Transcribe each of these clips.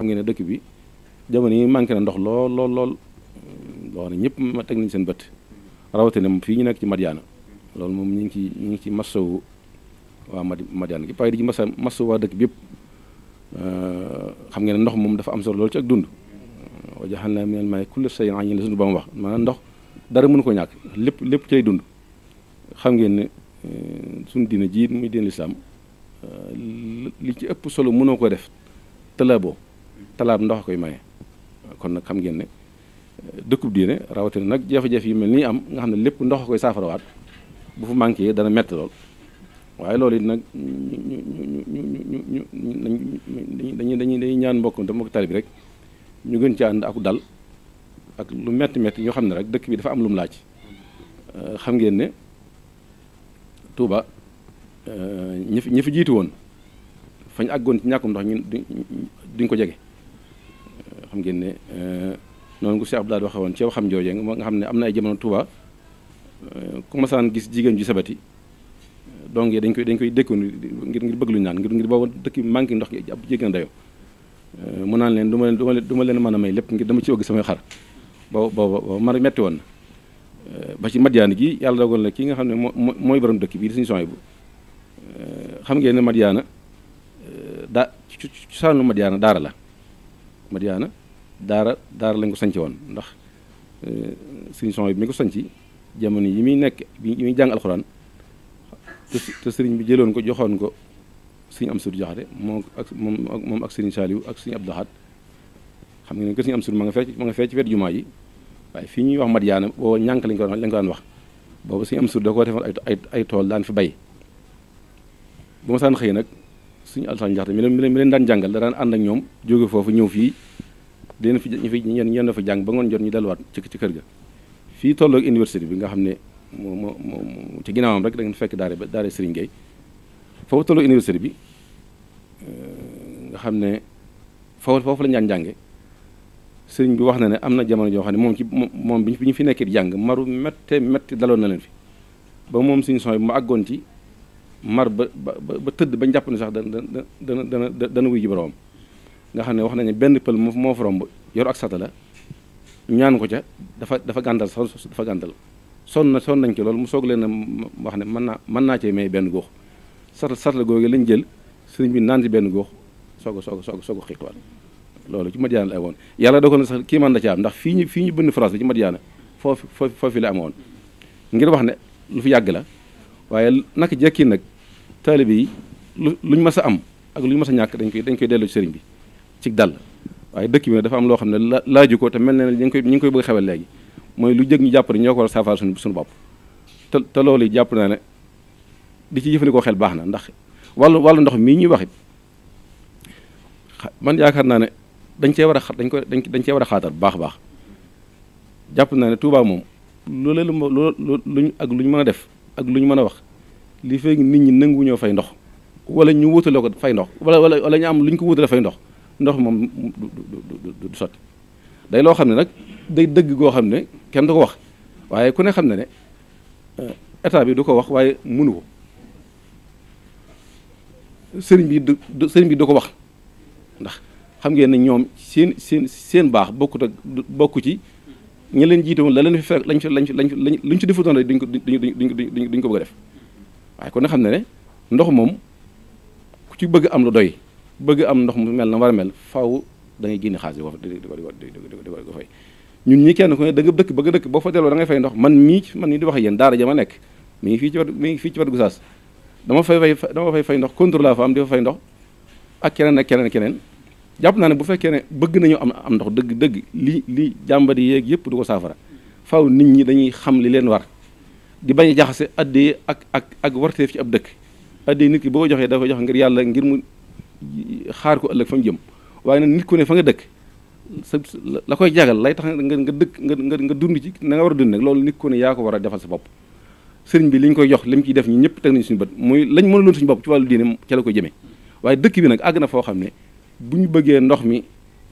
xam ngeen ne dëkk bi jamono yi manqué na ndox lool lool lool loo xam ne ñëpp seen bët rawatina moom fii ñu nekk ci Madiana loolu moom ñu ngi ci ñu ngi ci masawu waa Madi Madiana gi waaye di ci masa masawu waa euh, xam ngeen ndox moom dafa am solo loolu ci ak dund wa jaxalna minal maa'i kulli shay'in hayyin la suñu wax maanaam ndox dara mënu ko ñàkk lépp lépp cay dund xam ngeen ne euh, suñu diina ji muy diin lislaam euh, li ci ëpp solo mënoo ko def tëlaaboo talaab ndox koy maye kon nag xam ngeen ne eh, dëkkub diine rawatina nag jafe-jafe yu mel nii am nga xam ne lépp ndox koy saafarawaat bu fu manqué dana metti lool waaye loolu it nag ñu ñu dañuy dañuy ñaan mbokk dama ko tali bi rek ñu gën ci ànd ak dal ak lu metti metti ñoo xam ne rek dëkk bi dafa am lu mu laaj eh, xam ngeen ne Touba eh, ñi fi woon fañ àggoon ci ñàkkum ndox ñu duñ ko jege xam ngeen ne euh, noonu ko Cheikh Abdoulaye waxe woon ci waxam joojee nga nga xam ne am na ay jamono Touba euh, ku masaan gis jigéen ju sabati donc dañ koy dañ koy dëkk ngir ngir bëgg lu ñu naan ngir ngir booba dëkk manqué ndox ab jéggi na dayo mu naan leen du ma leen du ma leen mën a may lépp ngir dama ci ëgg samay xar boobu boobu mar metti woon na euh, ba ci Madiane gi yàlla dogal na kii nga xam ne moo mooy borom dëkk bii di suñu sony bu xam ngeen ne Madiana daa cosaanu Madiana daara la Madiana daara daara lañ ko sanc woon ndax sëriñ son bi mu ko sanc jamono yi muy nekk yi muy jàng alxuraan te sëriñ bi jëloon ko joxoon ko suñ sëriñ Amsatu Jaxate moom ak moom ak sëriñ Saaliw ak sëriñ ab Ahad xam nga ne ko sëriñ Amsatu ma nga fee ma nga fee ci wet jumaa ji waaye fii ñuy wax Madiyaana boo ñànk lañ ko daan lañ ko daan wax boobu am Amsatu da ko defoon ay ay tool daan fi bay bu ma saan xëy nag suñu alxuraan Jaxate mi leen mi leen daan jàngal da daan ànd ak ñoom jóge foofu ñëw fii dina fi ñu fi ñenn fa jàng ba ngoon jot ñu delluwaat ci ci ga fii tolloog université bi nga xam ne moo moo moo ci ginnaawam rek da ngeen fekk daare daare Serigne Gueye foofu tolloog université bi euh, nga xam ne foofu foofu lañ daan jànge bi wax na ne am na jamono joo xam ne moom ci moom bi ñu fi nekkee di jàng maru métte métti daloon na leen fi ba moom suñu son bi mu àggoon ci mar ba ba ba tëdd bañ jàpp ne sax dana dana dana dana wuy ji boroom nga xam ne wax nañu benn pël moo fa romb yor ak la ñaan ko ca dafa dafa gàndal sax dafa gàndal sonn na sonn nañ ci loolu mu soog leen wax ne mën naa mën naa cee may benn góox satal satala gi lañ jël sëriñ bi naan ci benn góox soog a soog a soog a xiiqwaat loolu ci Madiyaana la amoon yàlla ko na sax kii man na ci am ndax fii ñu fii ñu bënn France bi ci Madiyaana foofu foofu la amoon ngir wax ne lu fi yàgg la waaye naka jekki nag taalibe yi lu luñ mas a am ak luñ mas a ñàkk dañ koy dañ koy delloo ci bi ci dal waaye dëkk bi dafa am loo xam ne la laaju ko te mel na ne ñu ngi koy ñu ngi koy bëgg xewal léegi mooy lu jëg ñu jàpp ñoo ko war a saafara suñu suñu te loolu jàpp naa ne di ci jëfandikoo xel baax na ndax wàllu wàllu ndox mii ñuy wax man yaakaar naa ne dañ cee war a dañ ko dañ cee war a xaatar baax baax jàpp naa ne Touba moom loolee lu luñ ak lu ñu mën a def ak lu ñu mën a wax li fekk nit ñi nanguwuñoo fay ndox wala ñu wutale ko fay ndox wala wala ñu am lu ñu ko wutale fay ndox ndox moom du du day loo xam ne nag day dëgg goo xam ne kenn du ko wax waaye ku ne xam ne ne euh, état bi du ko wax waaye mënu ko sëriñ bi du sëriñ bi du ko wax ndax xam ngeen ne ñoom seen seen seen baax bokkut ak bokku ci ña leen jiite woon la leen fi fekk lañ fi lañ fi lañ fi lañ ci defutoon rek duñ ko duñ duñ ko bëgg a def waaye kon nga xam ne ne ndox moom ku ci bëgg am lu doy bëgg am ndox mu mel na war a mel faaw da ngay génne xaalis di ko di ko di ko fay ñun ñi kenn ku da nga dëkk bëgg dëkk boo fa delloo da fay ndox man mii man mii di wax ak yéen daara ja nekk mi ngi fii ci wat mi ngi fii ci wat Gossas dama fay fay dama fay fay ndox contrôle laa fa am di fa fay ndox ak keneen ak keneen keneen jàpp naa ne bu fekkee ne bëgg nañu am am ndox dëgg dëgg li li jàmbat yi yeeg yëpp du ko saafara faw nit ñi dañuy xam li leen war di bañ a jaxase addee ak ak ak warteef ci ab dëkk addee nit ki boo joxee dafa jox ngir yàlla ngir mu xaar ko ëllëg fa mu jëm waaye nag nit ko ne fa nga dëkk sa la koy jagal lay tax nga nga dëkk nga nga dund ci na nga war a dund loolu nit ku ne yaa ko war a defal sa bopp sëriñ bi li ñu koy jox li mu ciy def ñi ñëpp teg nañu suñu bët muy lañ mën a suñu bopp ci wàllu diine ca la ko jëmee waaye dëkk bi nag àgg na foo xam ne bu ñu bëggee ndox mi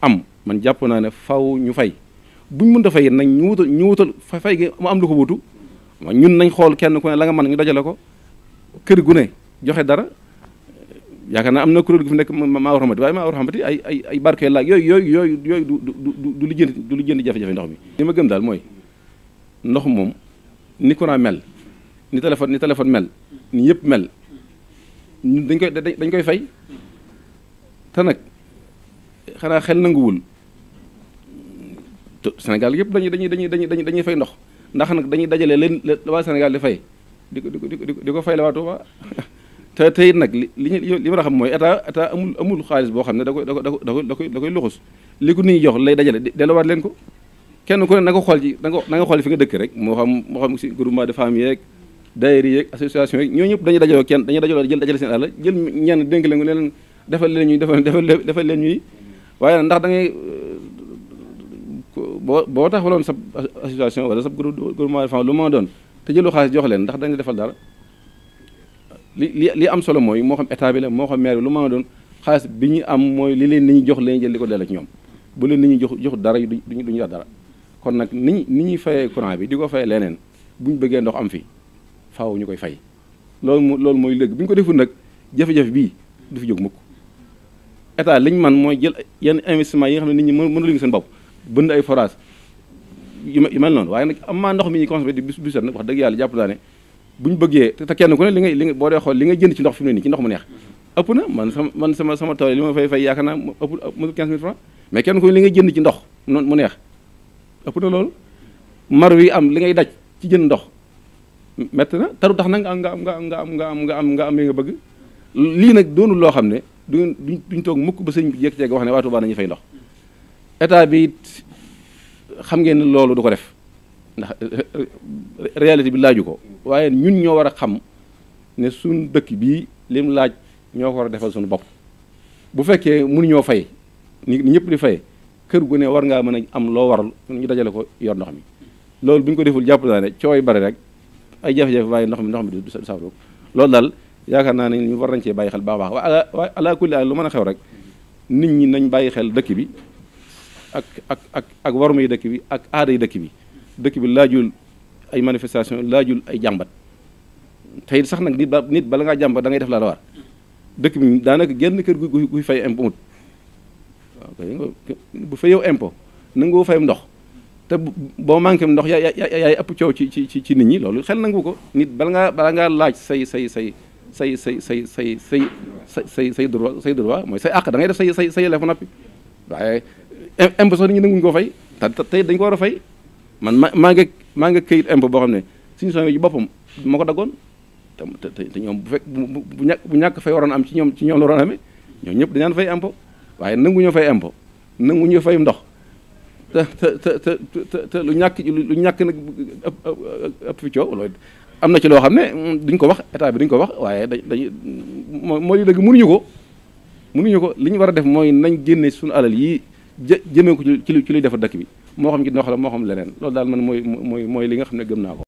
am man jàpp naa ne faw ñu fay bu ñu mën a fay nag ñu wutal ñu wutal fay gi mu am lu ko wutu ñun nañ xool kenn ku ne la nga mën ñu dajale ko kër gu ne joxe dara yaakaar naa am na kuréel gu fi nekk maa war xamati waaye maa war xamati ay ay ay barkeel laag yooyu yooyu yooyu yooyu du du du lijjanti du lijjanti jafe-jafe ndox mi li ma gëm daal mooy ndox moom ni courant mel ni téléphone ni téléphone mel ni yëpp mel dañ koy dañ koy fay te nag xanaa xel nanguwul Sénégal yëpp dañuy dañuy dañuy dañuy dañuy fay ndox ndax nag dañuy dajale leen waa Sénégal di fay di ko di ko la waa te tey nag li li li ma xam mooy état état amul amul xaalis boo xam ne da koy da koy da koy da koy luxus li ko nii jox lay dajale delluwaat leen ko kenn ku ne na nga xool ci na nga xool fi nga dëkk rek moo xam moo xam si groupement de femmes yeeg daayira yeeg association yeeg ñooñu ñëpp dañuy dajaloo kenn dañuy dajaloo jël dajale seen àll jël ñenn dénk leen ko ne leen defal leen ñuy defal defal leen ñuy waaye ndax da ngay boo boo taxawaloon sa association wala sa groupement de femmes lu ma doon te jëlu xaalis jox leen ndax dañuy defal daal li li li am solo mooy moo xam état bi la moo xam maire bi lu ma doon xaalis bi ñu am mooy li leen nit ñi jox leen jël di ko delloo ci ñoom bu leen nit ñi jox jox dara duñ duñu dara kon nag ni ni ñuy fayee courant bi di ko fayee leneen bu ñu bëggee ndox am fi faw ñu koy fay loolu mooy loolu mooy léegi bu ñu ko deful nag jafe-jafe bii du fi jóg mukk état liñ man mooy jël yenn investissement yi nga xam ne nit ñi mënu mënul seen bopp bënd ay forage yu mel noonu waaye nag am maa ndox mi wax dëgg yàlla jàpp naa ne bu ñu bëggee te kenn ku ne li ngay li nga boo dee xool li ngay jënd ci ndox fi mu ne nii ci ndox mu neex ëpp na man sama man sama sama tool li ma fay fay yaakaar naa ëpp mënul 15000 francs mais kenn ku ne li ngay jënd ci ndox noonu mu neex ëpp na loolu mar wi am li ngay daj ci jënd ndox métti na taru tax na nga am nga am nga am nga am nga am nga am li nga bëgg lii nag doonul loo xam ne duñ duñ toog mukk ba sëñ bi jékki-jékki wax ne waa Tuubaa nañu fay ndox état bi xam ngeen ne loolu du ko def ndax réalité bi laaju ko waaye ñun ñoo war a xam ne suñ dëkk bii lim laaj ñoo ko war a defal suñu bopp bu fekkee mënuñoo fay ni ñëpp di fay kër gu ne war ngaa mën a am loo waral ñu dajale ko yor ndox mi loolu bu ko deful jàpp naa ne cooy bari rek ay jafe-jafe ndox mi ndox mi du saafaru loolu daal yaakaar naa ne ñu war nañ cee bàyyi xel baax baax waaye ala kulli lu mën a xew rek nit ñi nañ bàyyi xel dëkk bi ak ak ak ak warmay dëkk bi ak aaday dëkk bi dëkk bi laajul ay manifestation laajul ay jàmbat tey sax nag nit ba nit bala ngaa jàmbat da ngay def la war dëkk bi daanaka genn kër gu guy fay impôt mut waaw bu fa yow nangoo fayam ndox te boo manqué ndox yaa yaa yaay ëpp coow ci ci ci nit ñi loolu xel nangu ko nit bala ngaa bala ngaa laaj say say say say say say say say say say droit say droit mooy say àq da def say say say yelleef noppi waaye impôt sax nit ñi nanguñ koo fay te tey dañ ko war a fay man ma maa ngi maa ngi këyit impôt boo xam ne suñu sooy ji boppam ma ko daggoon te te te ñoom bu fekk bu ñàkk bu ñàkk fay waroon am ci ñoom ci ñoom la waroon amee ñoom ñëpp dañaan fay impôt waaye nangu fay impôt nangu fay ndox te te lu ñàkk lu ñàkk nag ëpp fi coow am na ci loo xam ne dañ ko wax état bi duñ ko wax waaye dañ dañuy mooy li dëgg mënuñu ko mënuñu ko li ñu war a def mooy nañ génne suñu alal yi jë jëmee ko ci ci luy defar dëkk bi moo xam ci ndox la moo xam leneen loolu daal man mooy mooy xam ne gëm naa ko